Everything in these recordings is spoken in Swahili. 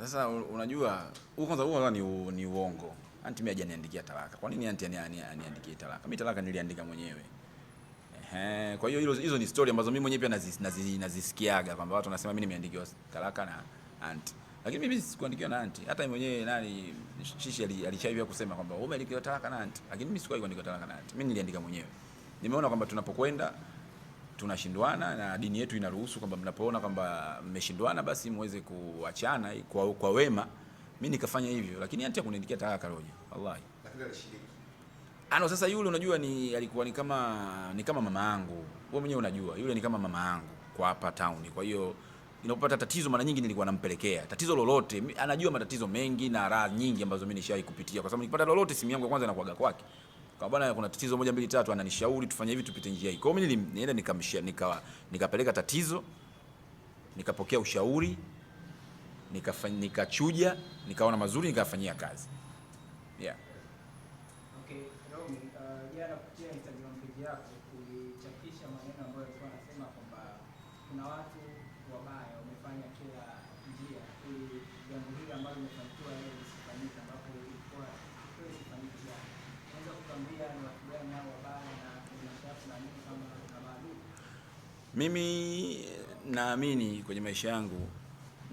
Sasa unajua huko kwanza huo ni ni uongo. Anti mimi hajaniandikia talaka. Kwa nini anti aniandikie talaka? Mimi talaka niliandika mwenyewe. Ehe, kwa hiyo hizo ni story ambazo mimi mwenyewe pia nazisikiaga naziz, naziz kwamba watu wanasema mimi nimeandikiwa talaka na anti. Lakini mimi sikuandikiwa na anti. Hata mwenyewe nani Shishi alishaivia kusema kwamba umeandikiwa talaka na anti. Lakini mimi sikuwahi kuandikiwa talaka na anti. Mimi niliandika mwenyewe. Nimeona kwamba tunapokwenda tunashindwana na dini yetu inaruhusu kwamba mnapoona kwamba mmeshindwana basi muweze kuachana kwa, kwa wema. Mimi nikafanya hivyo, lakini hata kuniandikia talaka roja, wallahi. ano. Sasa yule unajua, ni alikuwa ni kama ni kama mama yangu, wewe mwenyewe unajua, yule ni kama mama yangu kwa hapa town. Kwa hiyo inapopata tatizo, mara nyingi nilikuwa nampelekea tatizo lolote. Anajua matatizo mengi na raha nyingi ambazo mimi nishawahi kupitia, kwa sababu nikipata lolote, simu yangu ya kwanza inakuaga kwake kwa bwana, kuna tatizo moja mbili tatu, ananishauri tufanye hivi, tupite njia hii. Kwa hiyo mimi nilienda nikamshia, nika nikapeleka tatizo, nikapokea ushauri, nikafanya nikachuja, nikaona mazuri, nikafanyia kazi yeah. Okay, Romy, uh, jana kupitia Instagram page yako ulichapisha maneno ambayo yalikuwa kwamba kuna watu wabaya wamefanya kila njia ili jambo hili ambalo limefanikiwa leo Mimi naamini kwenye maisha yangu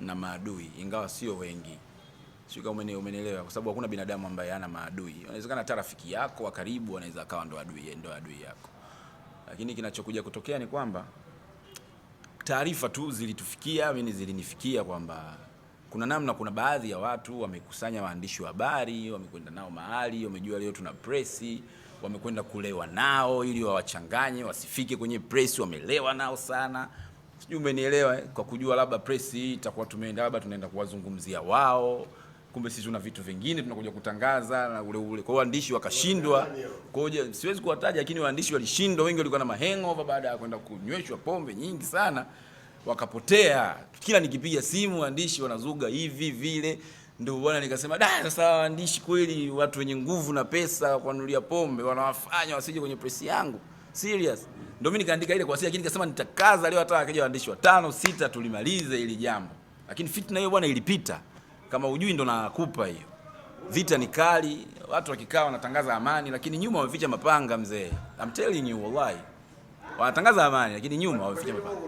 na maadui, ingawa sio wengi, sio kama umenielewa, kwa sababu hakuna binadamu ambaye hana maadui. Inawezekana hata rafiki yako wa karibu anaweza akawa ndo adui, ndo adui yako, lakini kinachokuja kutokea ni kwamba taarifa tu zilitufikia, mimi zilinifikia kwamba kuna namna, kuna baadhi ya watu wamekusanya waandishi wa habari, wamekwenda nao mahali, wamejua leo tuna presi wamekwenda kulewa nao ili wawachanganye wasifike kwenye press, wamelewa nao sana, sijui umenielewa eh? Kwa kujua labda press hii itakuwa tumeenda labda tunaenda kuwazungumzia wao, kumbe sisi tuna vitu vingine tunakuja kutangaza na ule ule. Kwa hiyo waandishi wakashindwa, kwa hiyo siwezi kuwataja, lakini waandishi walishindwa, wengi walikuwa na mahengo baada ya kwenda kunyweshwa pombe nyingi sana, wakapotea. Kila nikipiga simu waandishi wanazuga hivi vile ndio bwana, nikasema da, sasa waandishi kweli, watu wenye nguvu na pesa kuanulia pombe wanawafanya wasije kwenye presi yangu serious. Ndio mimi nikaandika ile kwa siri, lakini nikasema nitakaza leo, hata akija waandishi watano sita, tulimalize ili jambo. Lakini fitna hiyo bwana ilipita, kama ujui ndo nakupa hiyo. Vita ni kali, watu wakikaa wanatangaza amani, lakini nyuma wameficha mapanga mzee. I'm telling you wallahi. Wanatangaza amani lakini nyuma wameficha mapanga.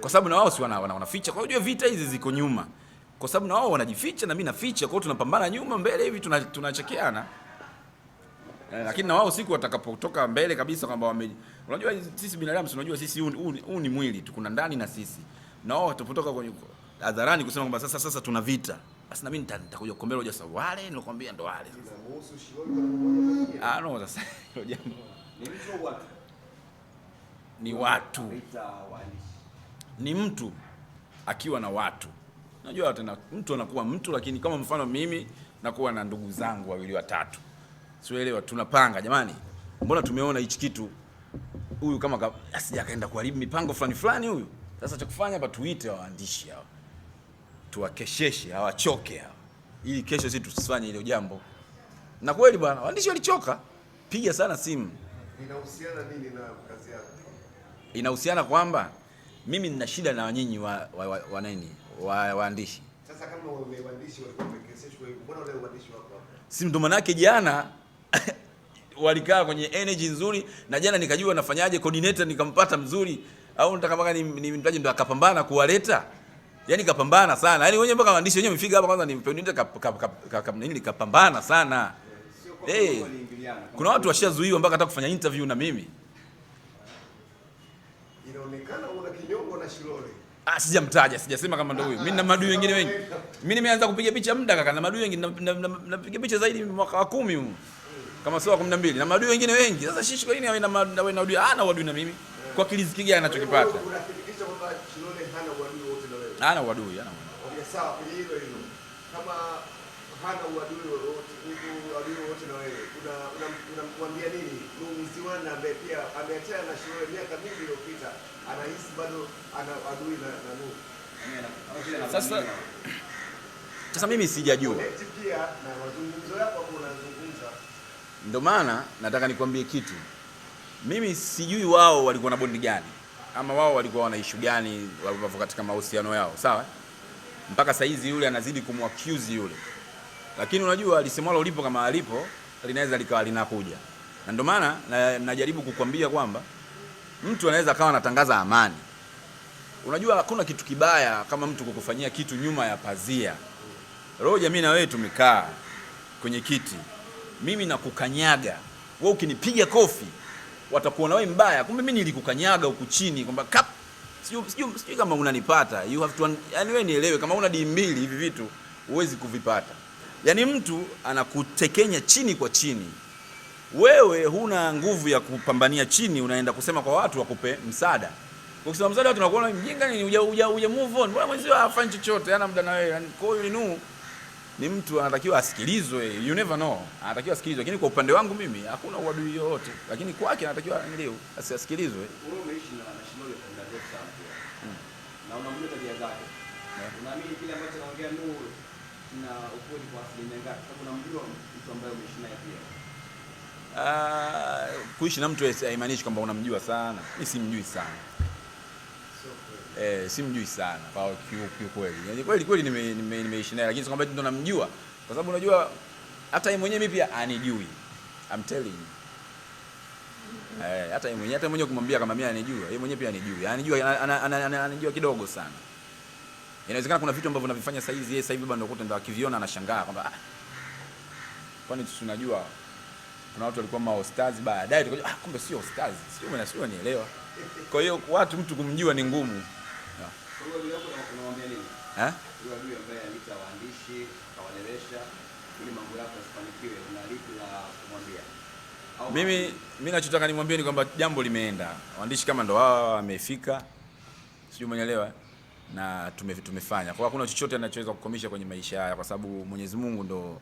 Kwa sababu na wao si wana wanaficha. Kwa hiyo vita hizi ziko nyuma kwa sababu na wao wanajificha na mimi naficha, kwa hiyo tunapambana nyuma mbele hivi tunachekeana tuna eh, lakini na wao siku watakapotoka mbele kabisa kwamba wame, unajua sisi binadamu, tunajua sisi huu ni mwili tu, kuna ndani na sisi, na wao watapotoka kwenye hadharani kusema kwamba sasa sasa tuna vita, basi na mimi nitakuja kukombea hoja sasa. Wale nilikwambia ndo wale ah no, sasa hilo jambo ni watu, ni mtu akiwa na watu Najua tena mtu anakuwa mtu, lakini kama mfano mimi nakuwa na ndugu zangu wawili watatu, sielewa, tunapanga jamani, mbona tumeona hichi kitu, huyu kama asija kaenda kuharibu mipango fulani fulani huyu. Sasa cha kufanya hapa, tuite waandishi hawa, tuwakesheshe, hawachoke hawa, ili kesho sisi tusifanye ile jambo. Na kweli bwana, waandishi walichoka. Piga sana simu. Inahusiana nini na kazi yako? Inahusiana kwamba mimi nina shida na nyinyi wa, wa, wa, wa nini wa waandishi. Sasa kama waandishi walikuwa wamekeseshwa hivyo, mbona wale waandishi wako hapa? Si ndo yake jana walikaa kwenye energy nzuri, na jana nikajua nafanyaje coordinator, nikampata mzuri au nitaka ni, ni mtaji ndo akapambana kuwaleta yani kapambana sana yani wenyewe mpaka waandishi wenyewe wamefika hapa kwanza ni coordinator kap, kap, kap, kap, nini kapambana sana. Hey, eh, kuna watu washazuiwa mpaka hata kufanya interview na mimi. Ah, sijamtaja, sijasema kama ndio huyo. Mimi na madui wengine wengi. Mimi nimeanza kupiga picha muda kaka, na madui wengine napiga picha zaidi mwaka wa 10 huu. Kama sio wa 12 na madui wengine wengi. Sasa shishi kwa nini awe na awe na adui? Hana wadui na mimi. Kwa kiliziki gani anachokipata? Unathibitisha kwamba Chilole hana wadui wote na wewe. Hana wadui, hana wadui. Sawa, kwenye hilo hilo. Kama hana uadui wowote huku adui wowote na wewe, unamwambia nini Mzimana ambaye pia ameachana na shule miaka mingi iliyopita, anahisi bado ana adui na Nuhu? Sasa sasa mimi sijajua ndio maana nataka nikwambie kitu. Mimi sijui wao walikuwa na bondi gani ama wao walikuwa wana ishu gani katika mahusiano yao, sawa? Mpaka hizi yule anazidi kumwaccuse yule lakini unajua lisemwalo lipo kama alipo linaweza likawa linakuja, na ndio maana najaribu kukwambia kwamba mtu anaweza akawa anatangaza amani. Unajua hakuna kitu kibaya kama mtu kukufanyia kitu nyuma ya pazia. Roja, mimi na wewe tumekaa kwenye kiti, mimi nakukanyaga wewe, ukinipiga kofi watakuona wewe mbaya, kumbe mimi nilikukanyaga huku chini, kwamba kap, sijui kama unanipata. You have to, yani wewe nielewe, kama una dii mbili hivi vitu huwezi kuvipata. Yaani mtu anakutekenya chini kwa chini, wewe huna nguvu ya kupambania chini, unaenda kusema kwa watu wakupe msaada. Ukisema msaada, watu wanakuona mjinga, ni uja uja uja move on, mbona mwenzio hafanyi chochote, hana muda na wewe. Yaani kwa hiyo inu ni mtu anatakiwa asikilizwe, you never know, anatakiwa asikilizwe. Lakini kwa upande wangu mimi hakuna uadui yoyote, lakini kwake anatakiwa nilio asisikilizwe. Hmm. kile Nuru? na ukweli kwa asilimia ngapi? Sababu namjua mtu ambaye umeishi naye pia. Uh, kuishi na mtu haimaanishi kwamba unamjua sana. Mimi simjui sana eh, simjui sana kwa kiukweli, yani kweli kweli nimeishi naye, lakini sio kwamba ndo namjua, kwa sababu unajua hata yeye mwenyewe mimi pia anijui. I'm telling you eh, hata yeye mwenyewe hata mwenyewe kumwambia kama mimi anijua, yeye mwenyewe pia anijua, anijua anajua kidogo sana. Inawezekana kuna vitu ambavyo unavifanya sasa hivi yeye sasa hivi bado unakuta ndio akiviona anashangaa kwamba ah, kwani tunajua kuna watu walikuwa maostazi baadaye tukajua ah, kumbe sio ostazi, sio mimi nasio nielewa. Kwa hiyo watu mtu kumjua ni ngumu. Kwa hiyo ndio hapo unawaambia nini? Eh? Yule adui ambaye alita waandishi kawalewesha ili mambo yako yasifanikiwe, una lipi la kumwambia? Mimi mimi nachotaka nimwambie ni kwamba jambo limeenda. Waandishi kama ndo wao wamefika. Sijui mwenyeelewa. Eh? na tume, tumefanya kwa hakuna chochote anachoweza kukomisha kwenye maisha haya, kwa sababu Mwenyezi Mungu ndo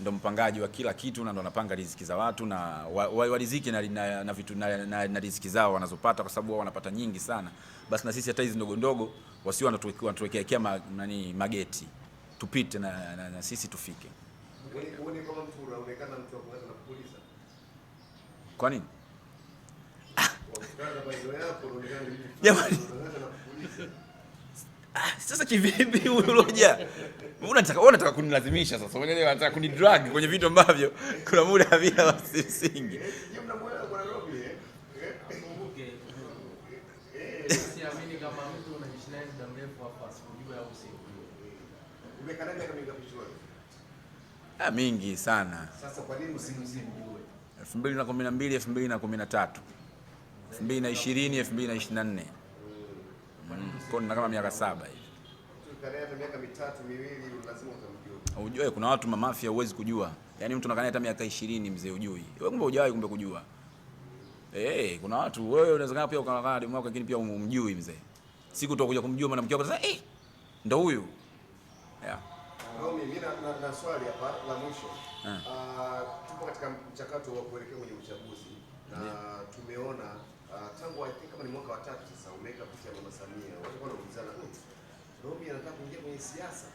ndo mpangaji wa kila kitu na ndo anapanga riziki za watu na wa, wa, wa riziki na, na, na, vitu, na, na, na riziki zao wanazopata, kwa sababu wao wanapata nyingi sana. Basi na sisi hata hizi ndogo ndogo wasio wanatuwekea ma, nani mageti tupite na, na, na, na sisi tufike. Kwa nini jamani? sasa kivipi Roger? Unataka unataka kunilazimisha sasa. Unaelewa, unataka kunidrag kwenye vitu ambavyo kuna muda havina msingi. Ah, mingi sana. Sasa kwa nini usimjue? 2012, 2013, 2020, 2024 kwa nina kama miaka saba hivi. Miaka mitatu miwili lazima utamjua. Ujue kuna watu mamafia huwezi kujua, yaani mtu anakaa hata miaka 20 mzee ujui wewe, kumbe hujawahi kumbe kujua. Eh, Hey, kuna watu wewe unawezekana pia ukakaa hadi mwaka lakini pia um-, umjui mzee, siku tu utakuja kumjua mwanamke wako sasa, eh, ndo huyu yeah. Romi, mimi na na, swali hapa la mwisho. Eh. Ah, Tupo katika mchakato wa kuelekea kwenye uchaguzi na ah, tumeona Uh, tangu I think kama ni mwaka wa tatu sasa umeka picha ya Mama Samia, walikuwa wanaulizana oh, Romy anataka kuingia kwenye siasa.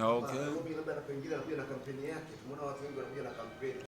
Ah, okay. Romy labda na anakuja na kampeni yake. Tumeona watu wengi wanakuja na kampeni.